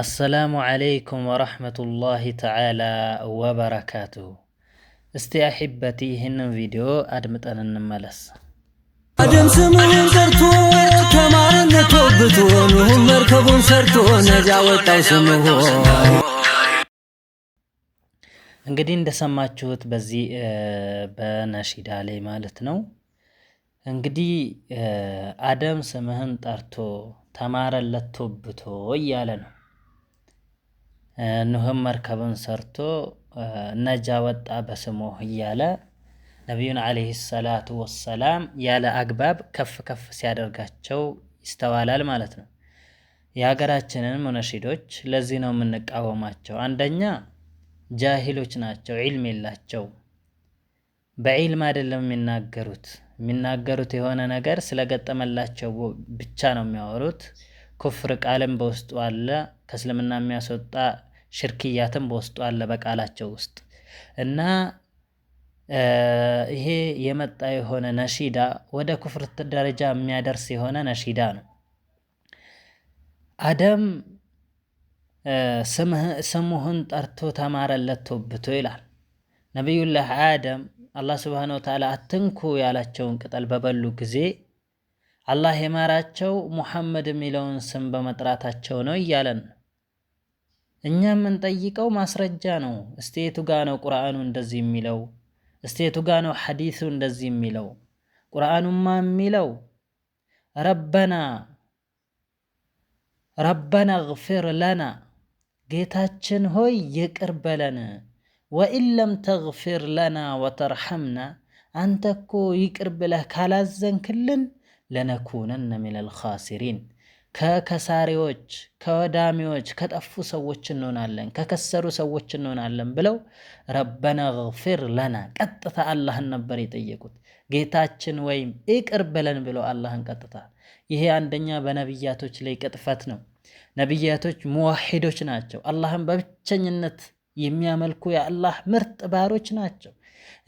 አሰላሙ ዓለይኩም ወረሕመቱላሂ ተዓላ ወበረካቱ እስቲ አሒበቲ ይህንን ቪዲዮ አድምጠን እንመለስ። አደም ስምህን ጠርቶ መርከቡን ሰርቶ ነጃ ስምሆ። እንግዲህ እንደሰማችሁት በዚህ በነሺዳ ላይ ማለት ነው። እንግዲህ አደም ስምህን ጠርቶ ተማረለት ቶብቶ እያለ ነው ኖህም መርከብን ሰርቶ ነጃ ወጣ በስሙ እያለ ነቢዩን ዓለይሂ ሰላቱ ወሰላም ያለ አግባብ ከፍ ከፍ ሲያደርጋቸው ይስተዋላል ማለት ነው። የሀገራችንን ሙነሺዶች ለዚህ ነው የምንቃወማቸው። አንደኛ ጃሂሎች ናቸው፣ ዒልም የላቸው። በዒልም አይደለም የሚናገሩት። የሚናገሩት የሆነ ነገር ስለገጠመላቸው ብቻ ነው የሚያወሩት። ኩፍር ቃልም በውስጡ አለ። ከእስልምና የሚያስወጣ ሽርክያትም በውስጡ አለ በቃላቸው ውስጥ እና ይሄ የመጣ የሆነ ነሺዳ ወደ ኩፍር ደረጃ የሚያደርስ የሆነ ነሺዳ ነው። አደም ስሙህን ጠርቶ ተማረለት ተውብቶ ይላል ነቢዩላህ አደም። አላህ ስብሃነ ወተዓላ አትንኩ ያላቸውን ቅጠል በበሉ ጊዜ አላህ የማራቸው ሙሐመድ የሚለውን ስም በመጥራታቸው ነው እያለን እኛ የምንጠይቀው ማስረጃ ነው። እስቴቱ ጋ ነው ቁርአኑ እንደዚህ የሚለው? እስቴቱ ጋ ነው ሐዲሱ እንደዚህ የሚለው? ቁርአኑማ የሚለው ረበና ረበና እግፊር ለና ጌታችን ሆይ ይቅር በለን፣ ወኢን ለም ተግፊር ለና ወተርሐምና አንተ እኮ ይቅር ብለህ ካላዘንክልን ለነኩነነ ሚነል ኻሲሪን ከከሳሪዎች ከወዳሚዎች ከጠፉ ሰዎች እንሆናለን፣ ከከሰሩ ሰዎች እንሆናለን ብለው ረበና ግፊር ለና ቀጥታ አላህን ነበር የጠየቁት። ጌታችን ወይም ይቅር በለን ብሎ አላህን ቀጥታ። ይሄ አንደኛ በነቢያቶች ላይ ቅጥፈት ነው። ነቢያቶች ሙዋሂዶች ናቸው። አላህን በብቸኝነት የሚያመልኩ የአላህ ምርጥ ባሮች ናቸው።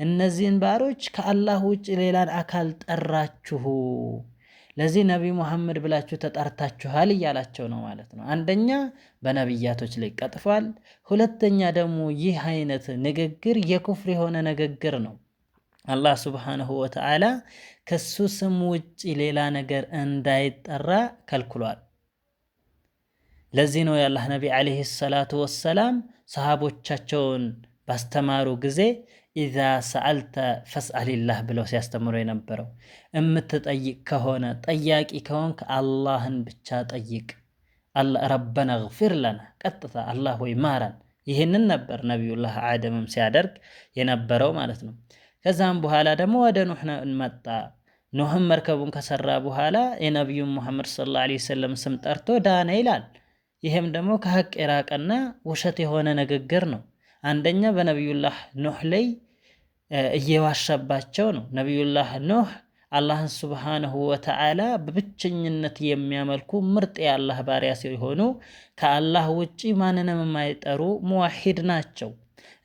እነዚህን ባሮች ከአላህ ውጭ ሌላን አካል ጠራችሁ ለዚህ ነቢ ሙሐመድ ብላችሁ ተጣርታችኋል እያላቸው ነው ማለት ነው። አንደኛ በነቢያቶች ላይ ቀጥፏል። ሁለተኛ ደግሞ ይህ አይነት ንግግር የኩፍር የሆነ ንግግር ነው። አላህ ሱብሓነሁ ወተዓላ ከሱ ስም ውጭ ሌላ ነገር እንዳይጠራ ከልክሏል። ለዚህ ነው የአላህ ነቢ ዓለይሂ ሰላቱ ወሰላም ሰሃቦቻቸውን ባስተማሩ ጊዜ ኢዛ ሰአልተ ፈስአሊላህ ብለው ሲያስተምሩ የነበረው እምትጠይቅ ከሆነ ጠያቂ ከሆንክ አላህን ብቻ ጠይቅ። ረበነ ግፊር ለና ቀጥታ አላህ ወይ ማረን። ይህንን ነበር ነቢዩላህ አደምም ሲያደርግ የነበረው ማለት ነው። ከዛም በኋላ ደግሞ ወደ ኑህ መጣ። ኖህም መርከቡን ከሰራ በኋላ የነቢዩን ሙሐመድ ሰለላሁ ዐለይሂ ወሰለም ስም ጠርቶ ዳነ ይላል። ይህም ደግሞ ከሀቅ የራቀና ውሸት የሆነ ንግግር ነው። አንደኛ በነቢዩላህ ኖህ ላይ እየዋሸባቸው ነው። ነቢዩላህ ኖህ አላህን ሱብሃነሁ ወተዓላ በብቸኝነት የሚያመልኩ ምርጥ የአላህ ባሪያ ሲሆኑ ከአላህ ውጪ ማንንም የማይጠሩ መዋሂድ ናቸው።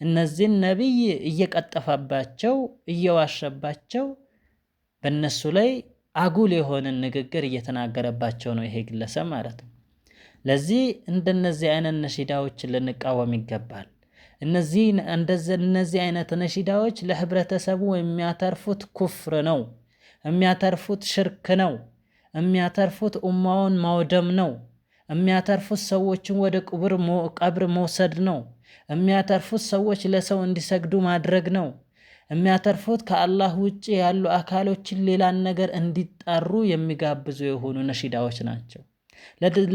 እነዚህን ነቢይ እየቀጠፈባቸው እየዋሸባቸው በእነሱ ላይ አጉል የሆነን ንግግር እየተናገረባቸው ነው ይሄ ግለሰብ ማለት ነው። ለዚህ እንደነዚህ አይነት ነሺዳዎችን ልንቃወም ይገባል። እነዚህ እነዚህ አይነት ነሺዳዎች ለህብረተሰቡ የሚያተርፉት ኩፍር ነው፣ የሚያተርፉት ሽርክ ነው፣ የሚያተርፉት ኡማውን ማውደም ነው፣ የሚያተርፉት ሰዎችን ወደ ቀብር መውሰድ ነው፣ የሚያተርፉት ሰዎች ለሰው እንዲሰግዱ ማድረግ ነው፣ የሚያተርፉት ከአላህ ውጭ ያሉ አካሎችን ሌላን ነገር እንዲጣሩ የሚጋብዙ የሆኑ ነሺዳዎች ናቸው።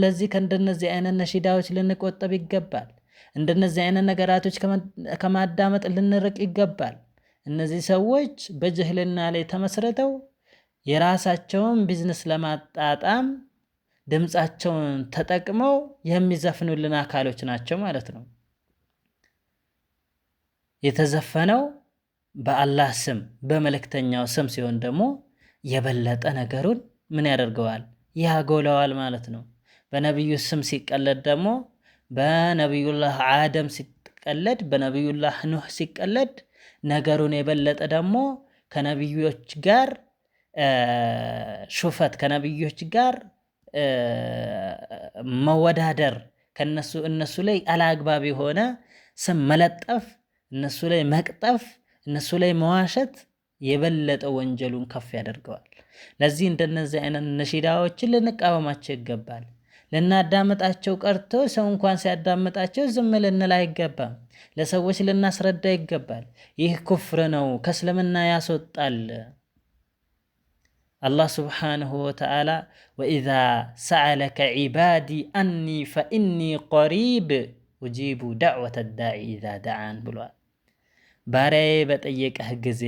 ለዚህ ከእንደነዚህ አይነት ነሺዳዎች ልንቆጠብ ይገባል። እንደነዚህ አይነት ነገራቶች ከማዳመጥ ልንርቅ ይገባል። እነዚህ ሰዎች በጅህልና ላይ ተመስረተው የራሳቸውን ቢዝነስ ለማጣጣም ድምፃቸውን ተጠቅመው የሚዘፍኑልን አካሎች ናቸው ማለት ነው። የተዘፈነው በአላህ ስም በመልእክተኛው ስም ሲሆን ደግሞ የበለጠ ነገሩን ምን ያደርገዋል? ያጎለዋል ማለት ነው። በነቢዩ ስም ሲቀለድ ደግሞ በነቢዩላህ አደም ሲቀለድ፣ በነቢዩላህ ኑህ ሲቀለድ ነገሩን የበለጠ ደግሞ ከነቢዮች ጋር ሹፈት ከነቢዮች ጋር መወዳደር ከነሱ እነሱ ላይ አላግባብ የሆነ ስም መለጠፍ፣ እነሱ ላይ መቅጠፍ፣ እነሱ ላይ መዋሸት የበለጠ ወንጀሉን ከፍ ያደርገዋል። ለዚህ እንደነዚህ አይነት ነሺዳዎችን ልንቃወማቸው ይገባል። ልናዳምጣቸው ቀርቶ ሰው እንኳን ሲያዳምጣቸው ዝም ልንል አይገባም። ለሰዎች ልናስረዳ ይገባል። ይህ ኩፍር ነው፣ ከእስልምና ያስወጣል። አላህ ስብሓንሁ ወተዓላ ወኢዛ ሰአለከ ዒባዲ አኒ ፈኢኒ ቀሪብ ኡጂቡ ዳዕወተ ዳዒ ኢዛ ደዓን ብሏል። ባሪያዬ በጠየቀህ ጊዜ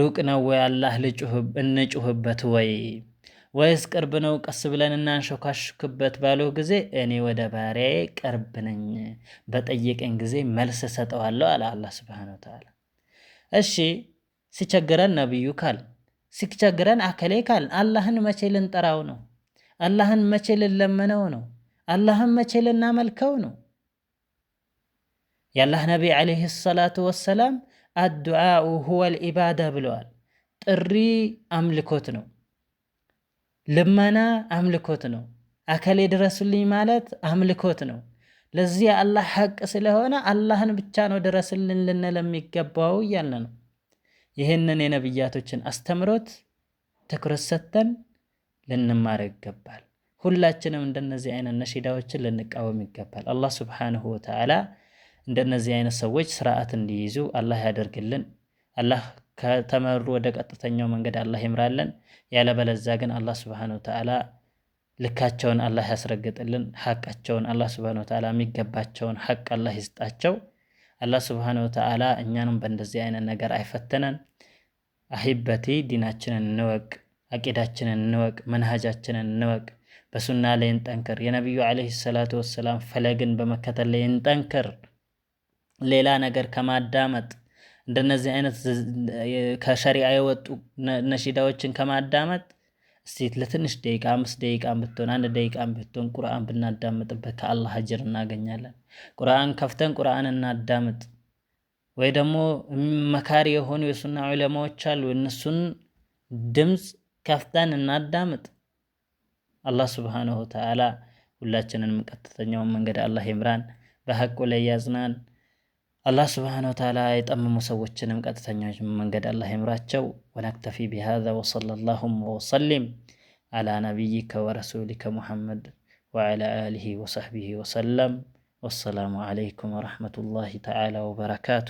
ሩቅ ነው ወይ አላህ እንጩህበት ወይ ወይስ ቅርብ ነው ቀስ ብለን እናንሾካሽክበት ባለው ጊዜ እኔ ወደ ባሪያዬ ቅርብ ነኝ፣ በጠየቀኝ ጊዜ መልስ ሰጠዋለሁ አለ አላህ ስብሐነሁ ወተዓላ። እሺ ሲቸግረን ነብዩ ካል ሲቸግረን አከሌ ካል አላህን መቼ ልንጠራው ነው? አላህን መቼ ልንለመነው ነው? አላህን መቼ ልናመልከው ነው? የአላህ ነቢ ዓለይሂ ሰላቱ ወሰላም አዱዓኡ ሁወል ኢባዳ ብለዋል። ጥሪ አምልኮት ነው። ልመና አምልኮት ነው። አከሌ ድረስልኝ ማለት አምልኮት ነው። ለዚህ የአላህ ሐቅ ስለሆነ አላህን ብቻ ነው ድረስልን ልንል የሚገባው እያለ ነው። ይህንን የነብያቶችን አስተምሮት ትኩረት ሰጥተን ልንማር ይገባል። ሁላችንም እንደነዚህ አይነት ነሺዳዎችን ልንቃወም ይገባል። አላህ ስብሓንሁ ወተዓላ እንደነዚህ አይነት ሰዎች ስርዓት እንዲይዙ አላህ ያደርግልን። አላህ ከተመሩ ወደ ቀጥተኛው መንገድ አላህ ይምራለን። ያለበለዛ ግን አላህ ስብሐነ ወተዓላ ልካቸውን አላህ ያስረግጥልን። ሐቃቸውን አላህ ስብሐነ ወተዓላ የሚገባቸውን ሐቅ አላህ ይስጣቸው። አላህ ስብሐነ ወተዓላ እኛንም በእንደዚህ አይነት ነገር አይፈትነን። አሂበቲ ዲናችንን እንወቅ፣ አቂዳችንን እንወቅ፣ መንሃጃችንን እንወቅ። በሱና ላይ እንጠንክር። የነቢዩ ዓለይሂ ሰላቱ ወሰላም ፈለግን በመከተል ላይ እንጠንክር። ሌላ ነገር ከማዳመጥ እንደነዚህ አይነት ከሸሪዓ የወጡ ነሺዳዎችን ከማዳመጥ እስቲ ለትንሽ ደቂቃ አምስት ደቂቃ ብትሆን አንድ ደቂቃ ብትሆን ቁርአን ብናዳምጥበት ከአላህ አጅር እናገኛለን። ቁርአን ከፍተን ቁርአን እናዳምጥ። ወይ ደግሞ መካሪ የሆኑ የሱና ዑለማዎች አሉ። እነሱን ድምፅ ከፍተን እናዳምጥ። አላህ ስብሓነሁ ወተዓላ ሁላችንን ቀጥተኛውን መንገድ አላህ ይምራን፣ በሐቁ ላይ ያዝናን አላህ ስብሓነሁ ወተዓላ የጠመሙ ሰዎችንም ቀጥተኞች መንገድ አላህ ይምራቸው። ወነክተፊ ቢሃዛ ወሰለላሁም ወሰሊም አላ ነቢይከ ወረሱሊከ ሙሐመድ ወዓላ አሊሂ ወሰሕቢሂ ወሰለም። ወሰላሙ ዓለይኩም ወረሕመቱላሂ ተዓላ ወበረካቱ።